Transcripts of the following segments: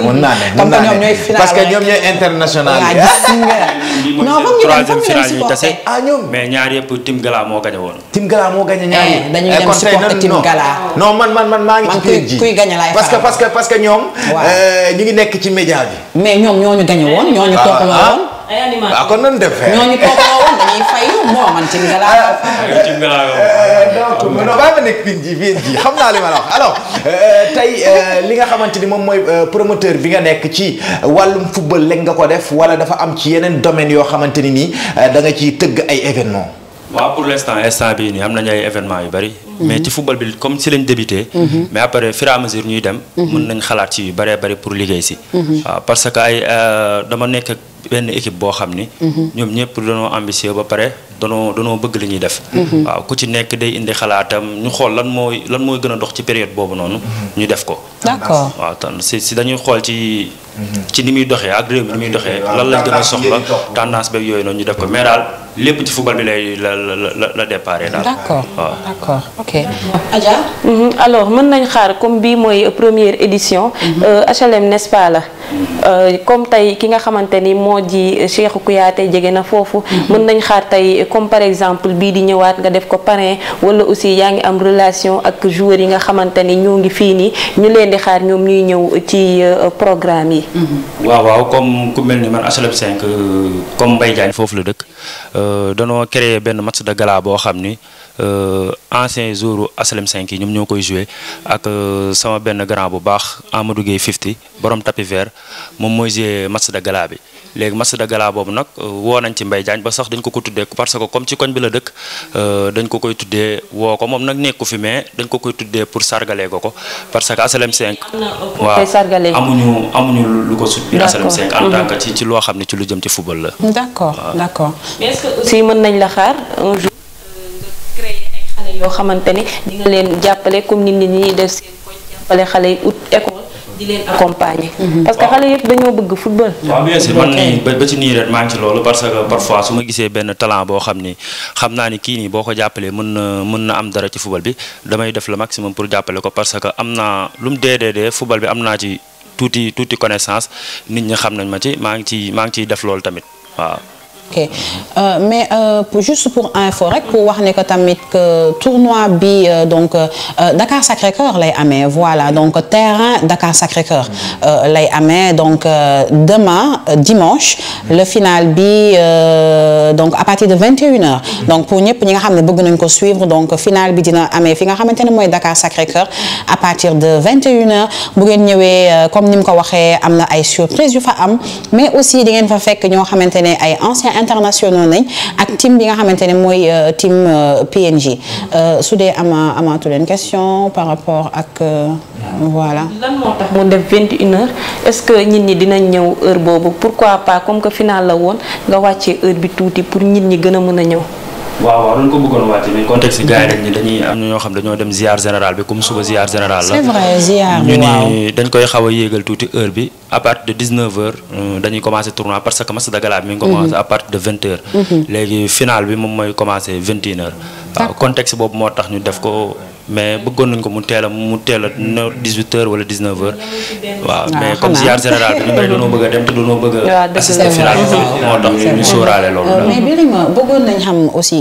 mën naa ne mën naa ne parce que ñoom ñooy international bi. Ah, ñoom. mais ñaar yëpp Tim Gala moo gañe woon. Tim Gala moo gañe ñaar yi. Eh, dañuy eh, dem supporté Tim Gala. non man maa ngi ci kuy ji kuy gañe que parce que parce que ñoom. Euh, ñu ngi nekk ci média bi. mais ñoom ñoo ñu gañe woon ñoo ñu ah, topp woon. Ah. kon nan def. ñoo Eh, eh, eh, non non ma nekk biin ji xam naa li ma la wax alors tey li nga xamante ni moom mooy promoteur bi nga nekk ci wàllum football lekk nga ko def wala dafa am ci yeneen domaines yoo xamante ni nii da ci ciy tëgg ay événements. waaw pour l' instant instant bii nii am nañu ay événements yu bëri. Mhm. mais ci football bi comme si lañ débuté. Mhm. mais après fur mesure ñuy dem. Mhm. mën nañ xalaat ci yu bëree bëri pour liggéey si. waaw parce que ay euh, dama nekk benn équipe boo xam ni. ñoom ba pare. danoo danoo bëgg li ñuy def. Mhm. waaw ku ci nekk day indi xalaatam ñu xool lan mooy lan mooy gën a dox ci période boobu noonu. Mhm. ñu def ko. d'accord waaw si dañuy xool ci. ci ni muy doxee ak réew bi ni muy doxee lan lañ gën a soxla tendance beeg yooyu noonu ñu def ko mais daal lépp ci football bi lay la la la déparé daal. d'accord d'accord ok. Adja. Mhm, alors mën nañ xaar comme bii mooy première édition. HLM euh, n'est-ce la. Euh, comme tey ki nga xamante ni moo ji Cheikhou Kouyaté jege na foofu. Mhm. mën nañ xaar tey comme par exemple bii di ñëwaat nga def ko parrain wala aussi yaa ngi am relation ak joueurs yi nga xamante ni ñoo ngi fii nii ñu leen di xaar ñoom ñuy ñëw ci euh, programme yi. Mm-hmm. waaw waaw comme ku mel ni man HLM 5 comme Mbaye Diagne foofu la dëkk euh, danoo créer benn match de gala boo xam ni. Euh, ancien jour aslem 5 yi ñoom ñoo koy joué ak euh, sama benn grand bu baax Amadou Gueye 50 borom tapis vert moom mooy joué match de gala bi léegi match de gala boobu nag euh, woo nañ ci Mbaye Diagne ba sax dañ ko ko tuddee parce que comme ci koñ bi la dëkk dañ ko koy tuddee woo ko moom nag nekku fi mais dañ ko koy tuddee pour sargalee ko ko parce que aslem 5 waaw amuñu amuñu lu ko sut bi aslem 5 en tant mhm. ci ci loo xam ne ci lu jëm ci football la d'accord d'accord mën yi yoo xamante ne di nga leen jàppale comme nit ñi ñuy def seen koñ jàppale xale yi ut école di leen accompagner. Mhm. parce que xale yëpp dañoo bëgg football. waaw man nii ba ci nii rek maa ngi ci loolu parce que parfois su ma gisee benn talent boo xam ni xam naa ni kii nii boo ko jàppalee mën na mën na am dara ci football bi damay def le maximum pour jàppale ko parce que am naa lu mu dee dee dee football bi am naa ci tuuti tuuti connaissance nit ñi xam nañ ma ci maa ngi ciy maa ngi ciy def loolu tamit waaw. ok euh, mais euh, pour juste pour info rek pour wax ne que tamit que tournoi bi euh, donc Dakar Sacré-Cœur lay ame voilà donc terrain Dakar Sacré-Cœur lay amee donc demain dimanche le final bi donc à partir de 21h pour ñëpp ñu nga xam ne bëgg nañ ko suivre donc final bi dina amee fi nga xamante ne mooy Dakar Sacré-Cœur à partir de 21h bu ngeen ñëwee comme ni ko waxee am na ay surprise yu fa am mais aussi di ngeen fa fekk ñoo xamante ne ay anciens internationaux nañ ak team bi nga xamante ne mooy euh, team euh, PNG euh, su dee ama amaatu leen question par rapport ak voilà. lan moo tax mu def vingt une heure est-ce que nit ñi dinañ ñëw heure boobu pourquoi pas comme que final la woon nga wàccee heure bi tuuti pour nit ñi gën a mën a ñëw. waaw waaw dañ ko bëggoon wàcce mais contexte gars yi dañuy am ñoo xam dañoo dem ziar général bi comme suba ziar général la. c'est vrai ziar ñu ni dañ koy xaw a yéegal tuuti heure bi à partir de 19h euh, dañuy commencé tournoi parce que match de gala bi mi ngi mhm. commencé à de 20h. Mhm. léegi final bi moom mooy commencé 21h. waaw contexte boobu moo tax ñu def ko. mais bëggoon nañ ko mu teel a mu teel a dix huit heures wala dix neuf heures. waaw ah, mais comme ziar général bi ñu may doonoo bëgg dem te doonoo bëgg a. assister final moo tax ñu sóoraale loolu. Euh, mais Birima bëggoon nañ xam aussi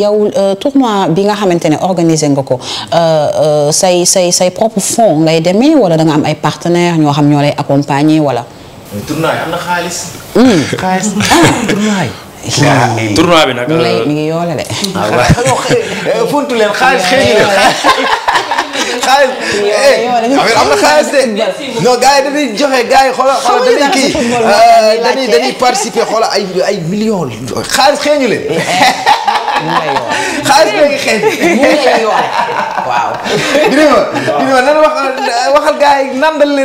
yow euh, tournoi bi nga xamante ne organisé nga ko euh, say say say propre fonds ngay demee wala da nga am ay partenaires ñoo xam ñoo lay accompagner wala. tournoi am na xaalis. Hmm. xaalis ah. tournoi bi nag. mi ngi yoola de. funtu leen xaalis xëy na xaalis. xaalis de. non gars joxe gars yi xoolal kii dañuy dañuy participer xoolal ay ay millions la xaalis xëy na leen. xaalis bi ngi xeeñ. waaw. dina ma dina ma nan waxal waxal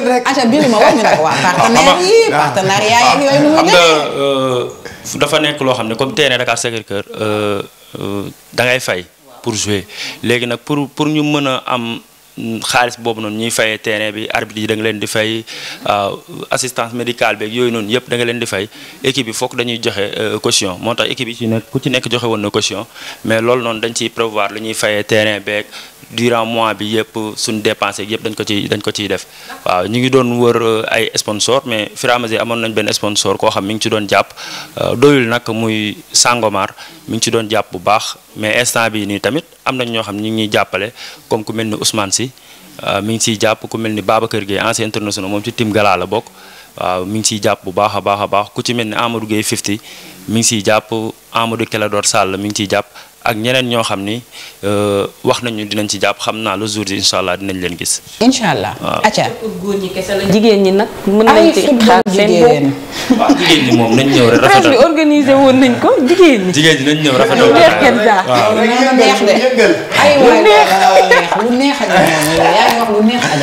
rek. ah ca biir ma wax ñu nag waa partenaires yi partenariat yeeg yooyu. mu ngi dafa nekk loo xam ne comme terrain Dakar Sacré-Cœur euh, euh, da ngay fay pour jouer léegi nag pour pour ñu mën a am xaalis boobu noonu ñuy fayee terrain bi arbitre yi da nga leen di fay euh, assistance médicale beeg yooyu noonu yëpp da nga leen di fay équipe bi foog dañuy joxe caution moo tax équipe yi ci nekk ku ci nekk joxe woon na caution mais loolu noonu dañ ciy prévoir lu ñuy fayee terrain beeg durant mois bi yëpp suñ dépensé yëpp dañ ko ci dañ ko ciy def waaw ñu ngi doon wër euh, ay sponsor mais fur amoon nañ benn sponsor koo xam mi ngi ci doon jàpp euh, doyul nag muy Sangomar mi ngi ci doon jàpp bu baax mais instant bi nii tamit am nañ ñoo xam ñu ngi ñuy jàppale comme ku mel ni Ousmane Sy euh, mi ngi ciy jàpp ku mel ni Babacar Gueye ancien international moom ci team Gala la bokk waaw mi ngi ciy jàpp bu baax a baax a baax ku ci mel ni Amadou Gueye 50 mi ngi ciy jàpp ngi ciy jàpp ak ñeneen ñoo xam ni wax nañu dinañ ci jàpp xam naa le jour bi allah dinañ leen gis. incha allah acca góor ñi jigéen ñi nag. mën nañ ci xaar seen bopp jigéen ñi moom nañ ñëw rek rafetal bi organisé woon nañ ko jigéen ñi. jigéen wax lu neex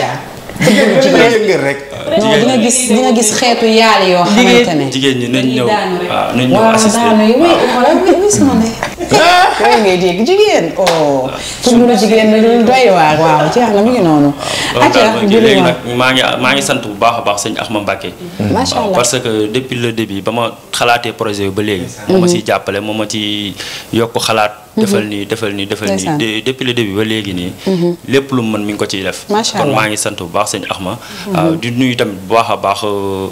a jigéen jigéen yëngal rek. jigéen gis gis xeetu yaal yoo xamante ne. jigéen ñi nañ ñëw waaw nañ ñëw assister waaw daanu yi ngay dégg jigéen oh. suñu jigéen dañu doy waaw jeex na mu ngi noonu. atiwaat maa ngi sant bu baax a baax sañ ax ma macha parce que depuis le début ba ma xalaatee projet bi ba léegi. ma ma mm-hmm. ciy jàppale moom ma ci yokk xalaat. Mhm. defal nii defal nii defal nii depuis le début ba léegi nii mhm. lépp lu mën mi ngi ko ciy def kon maa ngi sant bu baax sëñ Axma waaw mhm. ah, di nuyu tamit bu baax a baax euh,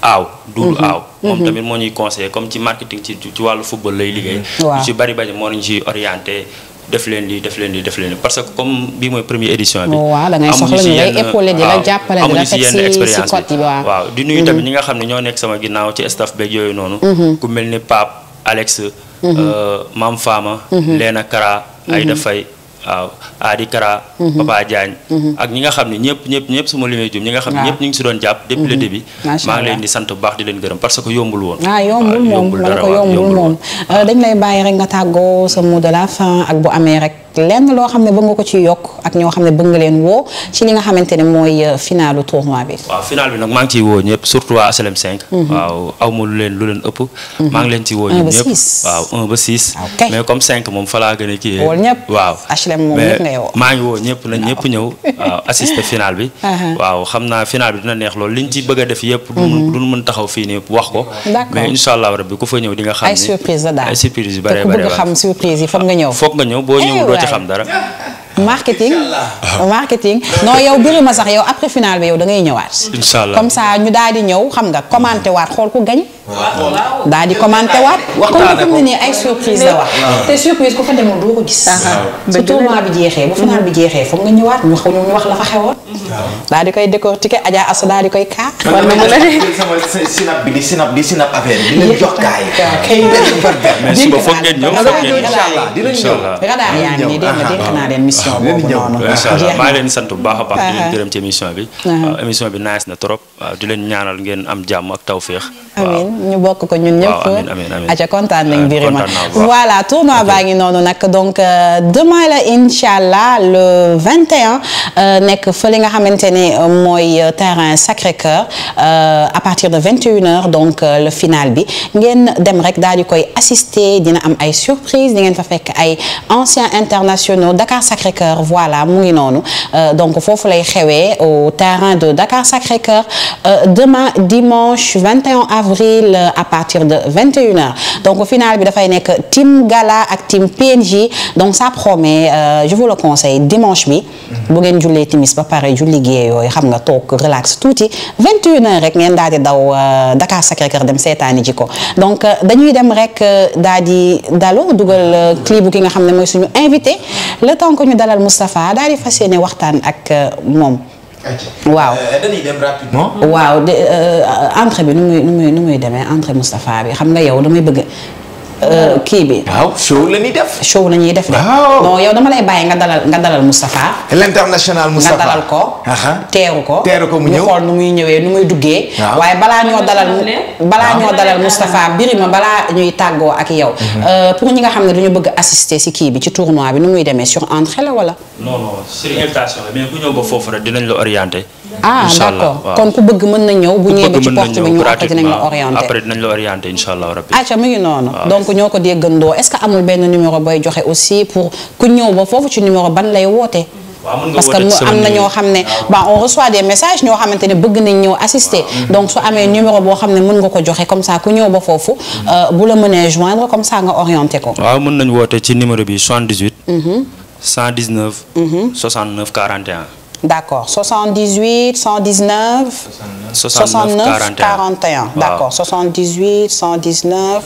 aaw duulu aaw moom tamit moo ñuy conseillé comme ci marketing ci ci wàllu football lay liggéey ñu ci bari def leen di def leen di def leen di parce que comme bii mooy première édition bi waaw da ngay soxla ñu lay épaulé di la jàppale expérience waaw di nuyu tamit ñi nga xam ne ñoo nekk sama ginnaaw ci staff beeg yooyu noonu ku mel ni Pape Alex maam Faama. a Kara mm-hmm. Ayda Faye waaw Adi Kara mm-hmm. Papa Diagne mm-hmm. ak ñi nga xam ne ñëpp ñëpp ñëpp suma limee jum ñi nga xam ne ñëpp ñu si doon jàpp depuis le début maa ngi leen di sant bu baax di leen gërëm parce que yombul woon ah yombul moom dana ko yombul moom euh, dañ lay bàyyi rek nga tàggoo sa mot de la fin ak bu amee rek lenn loo xam ne bëgg nga ko ci yokk ak ñoo xam ne bëgg nga leen woo ci li nga xamante ne mooy euh, finalu tournoi bi. waaw final bi nag maa ngi woo ñëpp mhm. mhm. ba 6. Ah, mais comme 5 moom fa laa gën a kii. woo maa ngi woo ñëpp nañ ñëpp ñëw waaw assister final bi. Uh-huh. waaw xam naa final bi dina neex loolu liñ ci bëgg a def yëpp. du ñu mhm. mën taxaw fii nii wax ko. mais incha allah rabbi ku fa ñëw di xam surprise la daal ay surprise yu bare bare foog nga ñëw boo ñëw eh, ci xam dara. marketing marketing noo yow birima sax yow après final bi yow dangay ñëwaat. incha allah comme ça ñu daal di ñëw xam nga commenté waat xool ku gañ daal di commenté waat. waxtaanee ko comme ni ko gis. su tournoi daal di koy décortiquer Adja Assou daal di koy kaa. Ah, maa leen di sant bu baax a baax di leen ah, ah. gërëm ci émission bi. émission bi nice na trop di leen ñaanal ngeen am jàmm ak tawféex. ñu bokk ko ñu ñëpp. waaw amiin amiin aca kontaan voilà tournoi baa ngi noonu nag donc euh, demain la incha allah le 21 euh, nekk fële nga xamante ne euh, mooy terrain Sacré-Cœur à partir de 21h donc le final bi ngeen dem rek daal di koy assister dina am ay surprise di ngeen fa fekk ay anciens internationaux Dakar Sacré-Cœur voilà mu ngi noonu donc foofu lay xewee au terrain de Dakar Sacré-Cœur demain dimanche avril. avril euh, à partir de 21h donc final bi dafay nekk team gala ak team PNJ donc sa promet euh, je vous le conseille dimanche bi. bu ngeen jullee timis ba pare julli gée yooyu xam nga toog relax tuuti 21h rek ngeen daal di daw euh, Dakar Sacré-Cœur dem seetaani ji ko donc dañuy dem rek daal di dalu dugal clip ki nga xam ne mooy suñu invité le temps que ñu dalal Moustapha daal di fas yéene waxtaan ak moom. waaw euh, waaw de euh, euh, entrée bi nu muy nu muy nu muy demee entrée Moustapha bi xam nga yow damay bëgg. Euh, kii bi. waaw show la ñuy def. show la ñuy def de. non yow dama lay bàyyi nga dalal nga dalal Moustapha. l'international Moustapha nga dalal ko. teeru ko teeru mu ñëw xool nu muy ñëwee nu muy duggee. waaye balaa ñoo dalal. balaa ñoo dalal Moustapha Birima balaa ñuy tàggoo ak yow. Mhm. Euh, pour ñi nga xam ne dañu bëgg assister si kii bi ci tournoi bi nu muy demee sur entrée la wala. non non sur invitation mais ku ñëw ba foofu rek dinañ la orienté. ah d'accord kon ku bëgg mën na ñëw bu ñëwee ba ci porte bi ñu après dinañ la orienté après dinañ la orienté incha allah rabbi aca mu ngi noonu donc ñoo ko déggandoo est-ce que amul benn numéro booy joxe aussi pour ku ñëw ba foofu ci numéro ban lay woote parce que na ñoo xam ne bon on ñoo xamante ne bëgg nañ ñëw assister donc su amee numéro boo xam ne mën nga ko joxe comme ça ku ñëw ba foofu mm-hmm. euh, bu la mënee joindre comme ça nga orienté ko waaw mën nañ woote ci numéro bi 78 119 69 41 d'accord 78 119. 69 69 41 d'accord 78 119.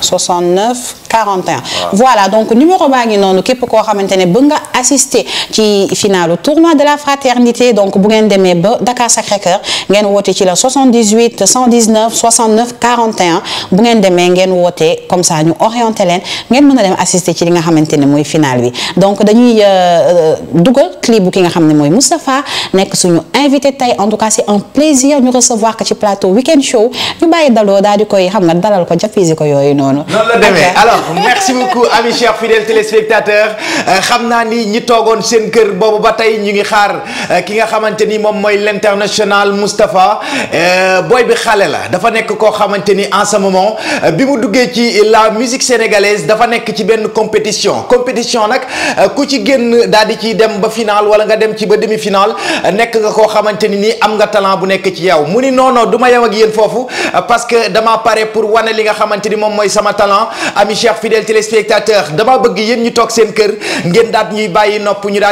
69 41 voilà donc numéro baa ngi noonu képp koo xamante ne bëgg nga assister ci finalu tournoi de la fraternité donc bu ngeen demee ba Dakar Sacré-Cœur ngeen woote ci la 78 119 69 41 bu ngeen demee ngeen wootee comme ça ñu orienté leen ngeen mën a dem assister ci li nga xamante ne mooy final bi donc dañuy euh, euh, dugal clip bu ki nga xam ne mooy Moustapha nekk suñu invité tey en tout cas c'est un plaisir ñu recevoir ko ci plateau Weekend Show ñu bàyyi daloo daal di koy xam nga dalal ko ko yooyu yooyu noonu. la demee alors merci beaucoup amis chers fidèles téléspectateurs euh, xam naa ni ñi toogoon seen kër boobu ba tey ñu ngi xaar euh, ki nga xamante ni moom mooy l'international Moustapha euh, booy bi xale la dafa nekk koo xamante ni en ce moment bi mu duggee ci la musique sénégalaise dafa nekk ci benn compétition compétition nag ku ci génn daal di ciy dem ba final wala nga dem ci ba demi-finale nekk nga koo xamante ni nii am nga talent bu nekk ci yow mu ni non non mooy sama talent ami cher fidèle téléspectateur dama bëgg yéen ñu toog seen kër ngeen daat ñuy bàyyi nopp ñu daal